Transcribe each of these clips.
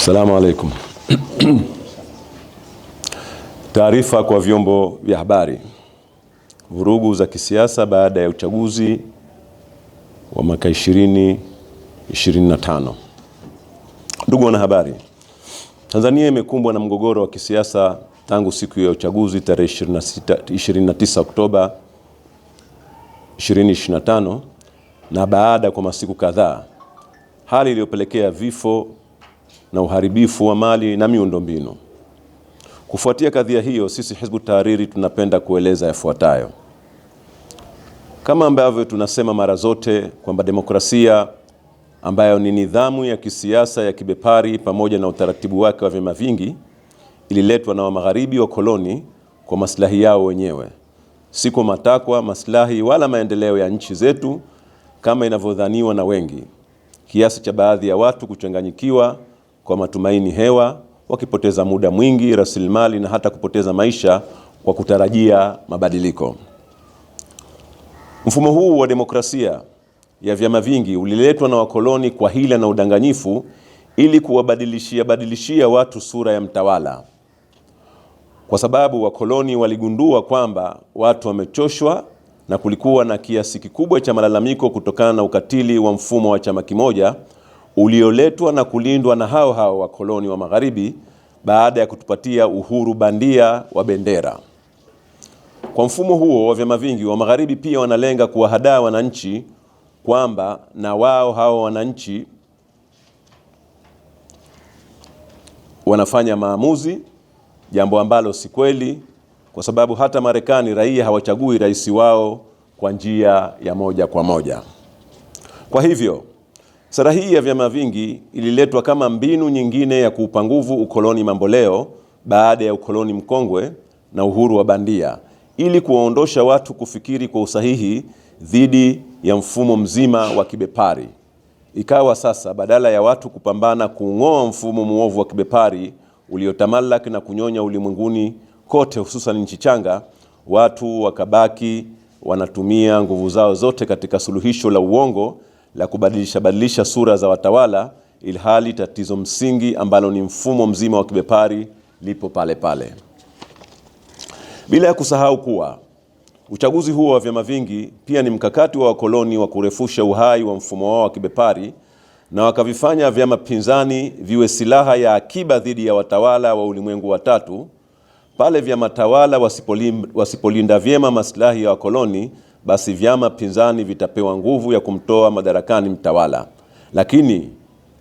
Assalamu alaikum. Taarifa kwa vyombo vya habari. Vurugu za kisiasa baada ya uchaguzi wa mwaka 2025. Ndugu wanahabari, Tanzania imekumbwa na mgogoro wa kisiasa tangu siku ya uchaguzi tarehe 29 Oktoba 2025 na baada kwa masiku kadhaa, hali iliyopelekea vifo na uharibifu wa mali na miundombinu. Kufuatia kadhia hiyo, sisi Hizbu Tahrir tunapenda kueleza yafuatayo. Kama ambavyo tunasema mara zote kwamba demokrasia ambayo ni nidhamu ya kisiasa ya kibepari pamoja na utaratibu wake wa vyama vingi ililetwa na wamagharibi wa koloni kwa maslahi yao wenyewe, si kwa matakwa, maslahi wala maendeleo ya nchi zetu kama inavyodhaniwa na wengi, kiasi cha baadhi ya watu kuchanganyikiwa kwa matumaini hewa, wakipoteza muda mwingi, rasilimali na hata kupoteza maisha kwa kutarajia mabadiliko. Mfumo huu wa demokrasia ya vyama vingi uliletwa na wakoloni kwa hila na udanganyifu ili kuwabadilishia badilishia watu sura ya mtawala, kwa sababu wakoloni waligundua kwamba watu wamechoshwa na kulikuwa na kiasi kikubwa cha malalamiko kutokana na ukatili wa mfumo wa chama kimoja ulioletwa na kulindwa na hao hao wakoloni wa magharibi baada ya kutupatia uhuru bandia wa bendera. Kwa mfumo huo wa vyama vingi wa magharibi pia wanalenga kuwahadaa wananchi kwamba na wao hao wananchi wanafanya maamuzi, jambo ambalo si kweli, kwa sababu hata Marekani raia hawachagui rais wao kwa njia ya moja kwa moja. Kwa hivyo Sera hii ya vyama vingi ililetwa kama mbinu nyingine ya kuupa nguvu ukoloni mamboleo baada ya ukoloni mkongwe na uhuru wa bandia, ili kuwaondosha watu kufikiri kwa usahihi dhidi ya mfumo mzima wa kibepari. Ikawa sasa badala ya watu kupambana kuung'oa mfumo muovu wa kibepari uliotamalak na kunyonya ulimwenguni kote, hususan nchi changa, watu wakabaki wanatumia nguvu zao zote katika suluhisho la uongo la kubadilisha badilisha sura za watawala, ilhali tatizo msingi ambalo ni mfumo mzima wa kibepari lipo pale pale, bila ya kusahau kuwa uchaguzi huo wa vyama vingi pia ni mkakati wa wakoloni wa kurefusha uhai wa mfumo wao wa kibepari na wakavifanya vyama pinzani viwe silaha ya akiba dhidi ya watawala wa ulimwengu wa tatu pale vyama tawala wasipolinda vyema maslahi ya wakoloni basi vyama pinzani vitapewa nguvu ya kumtoa madarakani mtawala, lakini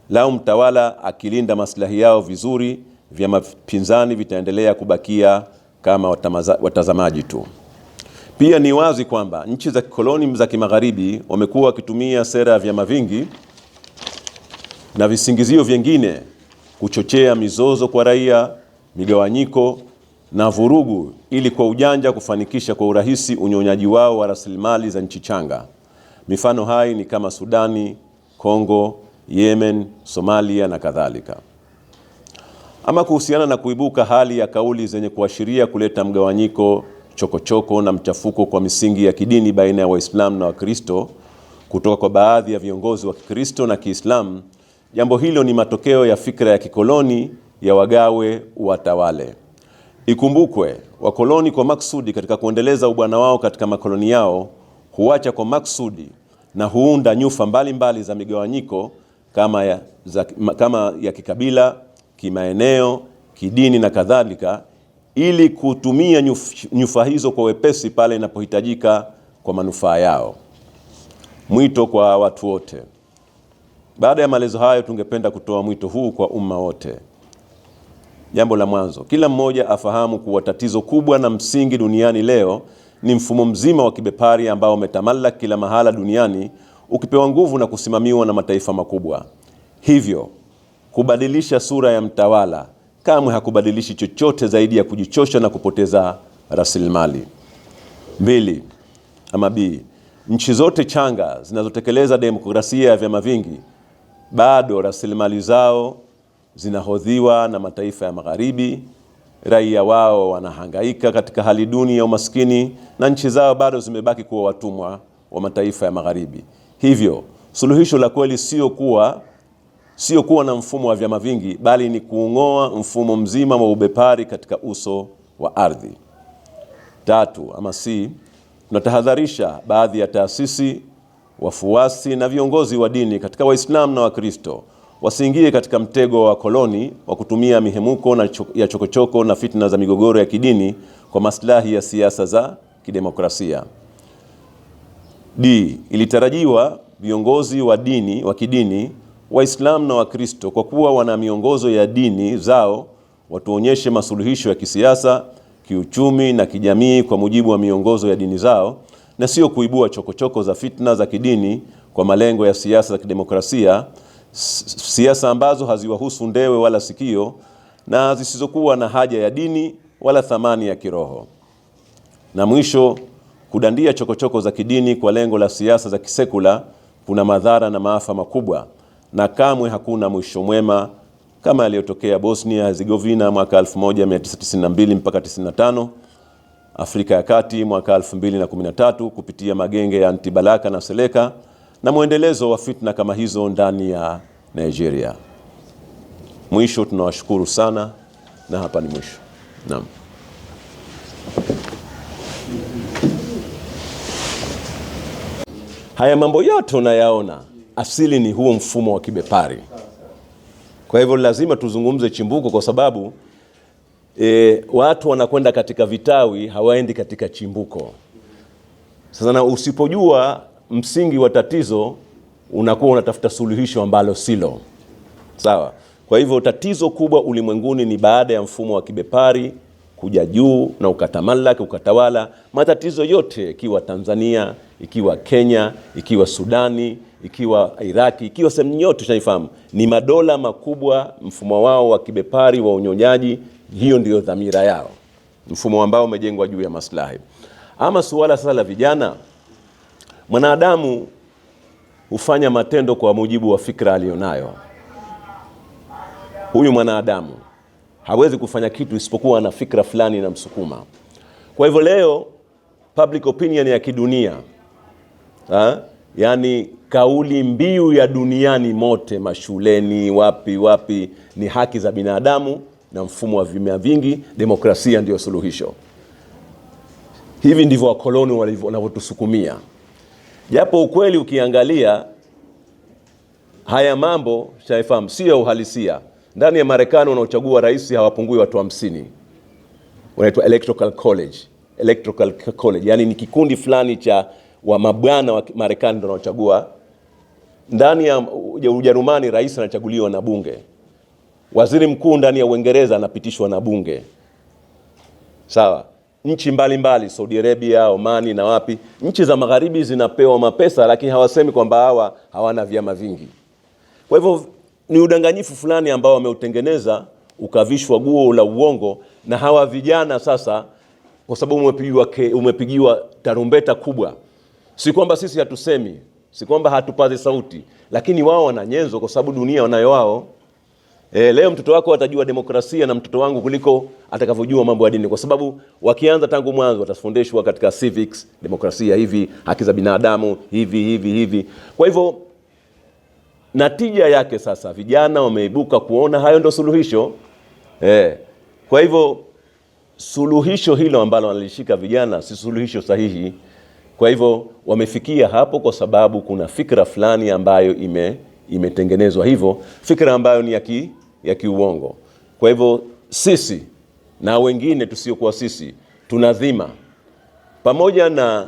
lau mtawala akilinda maslahi yao vizuri, vyama pinzani vitaendelea kubakia kama watazamaji tu. Pia ni wazi kwamba nchi za kikoloni za kimagharibi wamekuwa wakitumia sera ya vyama vingi na visingizio vyengine kuchochea mizozo kwa raia, migawanyiko na vurugu ili kwa ujanja kufanikisha kwa urahisi unyonyaji wao wa rasilimali za nchi changa. Mifano hai ni kama Sudani, Kongo, Yemen, Somalia na kadhalika. Ama kuhusiana na kuibuka hali ya kauli zenye kuashiria kuleta mgawanyiko, chokochoko na mchafuko kwa misingi ya kidini baina ya Waislamu na Wakristo kutoka kwa baadhi ya viongozi wa Kikristo na Kiislamu, jambo hilo ni matokeo ya fikra ya kikoloni ya wagawe watawale. Ikumbukwe wakoloni kwa maksudi katika kuendeleza ubwana wao katika makoloni yao huacha kwa maksudi na huunda nyufa mbalimbali mbali za migawanyiko kama ya, za, kama ya kikabila, kimaeneo, kidini na kadhalika ili kutumia nyuf, nyufa hizo kwa wepesi pale inapohitajika kwa manufaa yao. Mwito kwa watu wote. Baada ya maelezo hayo, tungependa kutoa mwito huu kwa umma wote. Jambo la mwanzo, kila mmoja afahamu kuwa tatizo kubwa na msingi duniani leo ni mfumo mzima wa kibepari ambao umetamala kila mahala duniani ukipewa nguvu na kusimamiwa na mataifa makubwa. Hivyo kubadilisha sura ya mtawala kamwe hakubadilishi chochote zaidi ya kujichosha na kupoteza rasilimali. Mbili, ama B, nchi zote changa zinazotekeleza demokrasia ya vyama vingi bado rasilimali zao zinahodhiwa na mataifa ya magharibi, raia wao wanahangaika katika hali duni ya umaskini, na nchi zao bado zimebaki kuwa watumwa wa mataifa ya magharibi. Hivyo suluhisho la kweli sio kuwa sio kuwa na mfumo wa vyama vingi, bali ni kuung'oa mfumo mzima wa ubepari katika uso wa ardhi. Tatu ama si, tunatahadharisha baadhi ya taasisi, wafuasi na viongozi wa dini katika Waislamu na Wakristo wasiingie katika mtego wa koloni wa kutumia mihemuko na cho, ya chokochoko na fitna za migogoro ya kidini kwa maslahi ya siasa za kidemokrasia. D. Ilitarajiwa viongozi wa dini wa kidini Waislamu na Wakristo, kwa kuwa wana miongozo ya dini zao, watuonyeshe masuluhisho ya kisiasa, kiuchumi na kijamii kwa mujibu wa miongozo ya dini zao na sio kuibua chokochoko choko za fitna za kidini kwa malengo ya siasa za kidemokrasia siasa ambazo haziwahusu ndewe wala sikio na zisizokuwa na haja ya dini wala thamani ya kiroho. Na mwisho, kudandia chokochoko choko za kidini kwa lengo la siasa za kisekula kuna madhara na maafa makubwa, na kamwe hakuna mwisho mwema kama yaliyotokea Bosnia Herzegovina mwaka 1992 mpaka 95, Afrika ya Kati mwaka 2013 kupitia magenge ya Antibalaka na Seleka na mwendelezo wa fitna kama hizo ndani ya Nigeria. Mwisho, tunawashukuru sana na hapa ni mwisho. Naam. Haya mambo yote unayaona asili ni huo mfumo wa kibepari. Kwa hivyo lazima tuzungumze chimbuko, kwa sababu e, watu wanakwenda katika vitawi, hawaendi katika chimbuko. Sasa na usipojua msingi wa tatizo unakuwa unatafuta suluhisho ambalo silo sawa. Kwa hivyo tatizo kubwa ulimwenguni ni baada ya mfumo wa kibepari kuja juu na ukatamallaki ukatawala matatizo yote, ikiwa Tanzania, ikiwa Kenya, ikiwa Sudani, ikiwa Iraki, ikiwa sehemu yote tunaifahamu, ni madola makubwa, mfumo wao wa kibepari wa unyonyaji. Hiyo ndiyo dhamira yao, mfumo ambao umejengwa juu ya maslahi. Ama suala sasa la vijana Mwanadamu hufanya matendo kwa mujibu wa fikra aliyonayo. Huyu mwanadamu hawezi kufanya kitu isipokuwa na fikra fulani msukuma. Kwa hivyo leo public opinion ya kidunia ha? Yani kauli mbiu ya duniani mote, mashuleni, wapi wapi, ni haki za binadamu na mfumo wa vimea vingi, demokrasia ndiyo suluhisho. Hivi ndivyo wakoloni wanavyotusukumia. Japo ukweli ukiangalia haya mambo shaefahamu sio uhalisia. Ndani ya Marekani wanaochagua rais hawapungui watu hamsini, wanaitwa electoral college. Electoral college yani ni kikundi fulani cha wa mabwana wa Marekani ndio wanaochagua. Ndani ya Ujerumani rais anachaguliwa na bunge, waziri mkuu ndani ya Uingereza anapitishwa na bunge, sawa nchi mbalimbali, Saudi Arabia, Omani na wapi, nchi za magharibi zinapewa mapesa, lakini hawasemi kwamba hawa hawana vyama vingi. Kwa hivyo ni udanganyifu fulani ambao wameutengeneza ukavishwa guo la uongo na hawa vijana sasa, kwa sababu umepigiwa, umepigiwa tarumbeta kubwa. Si kwamba sisi hatusemi, si kwamba hatupazi sauti, lakini wao wana nyenzo, kwa sababu dunia wanayo wao. E, leo mtoto wako atajua demokrasia na mtoto wangu kuliko atakavyojua mambo ya dini, kwa sababu wakianza tangu mwanzo watafundishwa katika civics, demokrasia hivi, haki za binadamu hivi hivi hivi. Kwa hivyo natija yake sasa vijana wameibuka kuona hayo ndio suluhisho e. Kwa hivyo suluhisho hilo ambalo wanalishika vijana si suluhisho sahihi. Kwa hivyo wamefikia hapo kwa sababu kuna fikra fulani ambayo ime imetengenezwa hivyo, fikra ambayo ni ya ki ya kiuongo. Kwa hivyo sisi na wengine tusiokuwa sisi tuna dhima pamoja na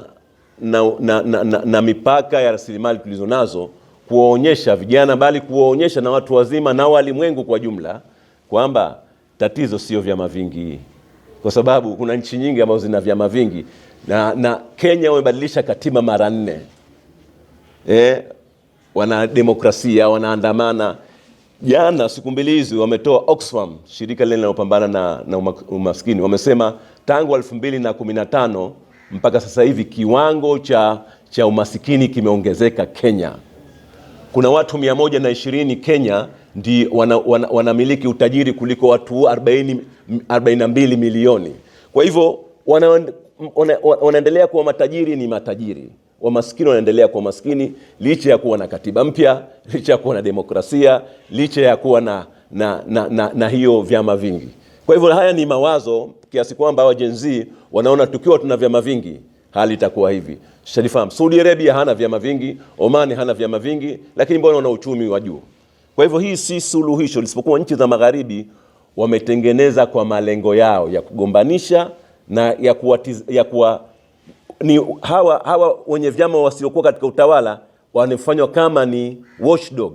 na, na, na, na na mipaka ya rasilimali tulizo nazo kuwaonyesha vijana, bali kuwaonyesha na watu wazima na walimwengu kwa jumla kwamba tatizo sio vyama vingi, kwa sababu kuna nchi nyingi ambazo zina vyama vingi na, na Kenya wamebadilisha katiba mara nne eh, wana demokrasia, wanaandamana Jana siku mbili hizi wametoa Oxfam, shirika lile linalopambana na, na umaskini, wamesema tangu 2015 mpaka sasa hivi kiwango cha, cha umasikini kimeongezeka Kenya. Kuna watu 120 Kenya ndi wana, wana, wanamiliki utajiri kuliko watu 40, 42 milioni. Kwa hivyo wanaendelea wana, wana kuwa matajiri ni matajiri wamaskini wanaendelea kuwa maskini licha ya kuwa na katiba mpya, licha ya kuwa na demokrasia, licha ya kuwa na, na, na, na, na hiyo vyama vingi. Kwa hivyo haya ni mawazo kiasi kwamba wa Gen Z wanaona tukiwa tuna vyama vingi hali itakuwa hivi. Sharifa, Saudi Arabia hana vyama vingi, Omani hana vyama vingi, lakini mbona wana uchumi wa juu? Kwa hivyo hii si suluhisho, lisipokuwa nchi za magharibi wametengeneza kwa malengo yao ya kugombanisha na ya kuwa, ya kuwa ni hawa hawa wenye vyama wasiokuwa katika utawala wanafanywa kama ni watchdog,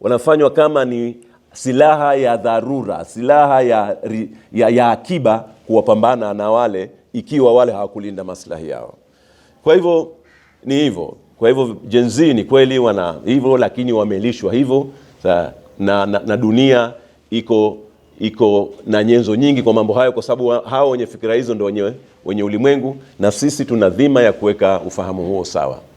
wanafanywa kama ni silaha ya dharura, silaha ya, ya, ya akiba kuwapambana na wale ikiwa wale hawakulinda maslahi yao. Kwa hivyo ni hivyo. Kwa hivyo jenzi ni kweli wana hivyo, lakini wamelishwa hivyo na, na, na dunia iko iko na nyenzo nyingi kwa mambo hayo, kwa sababu hao wenye fikira hizo ndio wenyewe wenye ulimwengu, na sisi tuna dhima ya kuweka ufahamu huo sawa.